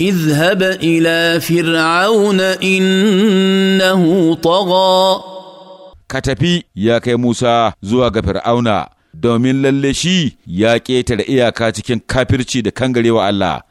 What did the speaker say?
اذهب الى فرعون انه طغى ka tafi ya kai Musa zuwa ga Fir'auna domin lalle shi ya ƙetare iyaka cikin kafirci da kangarewa Allah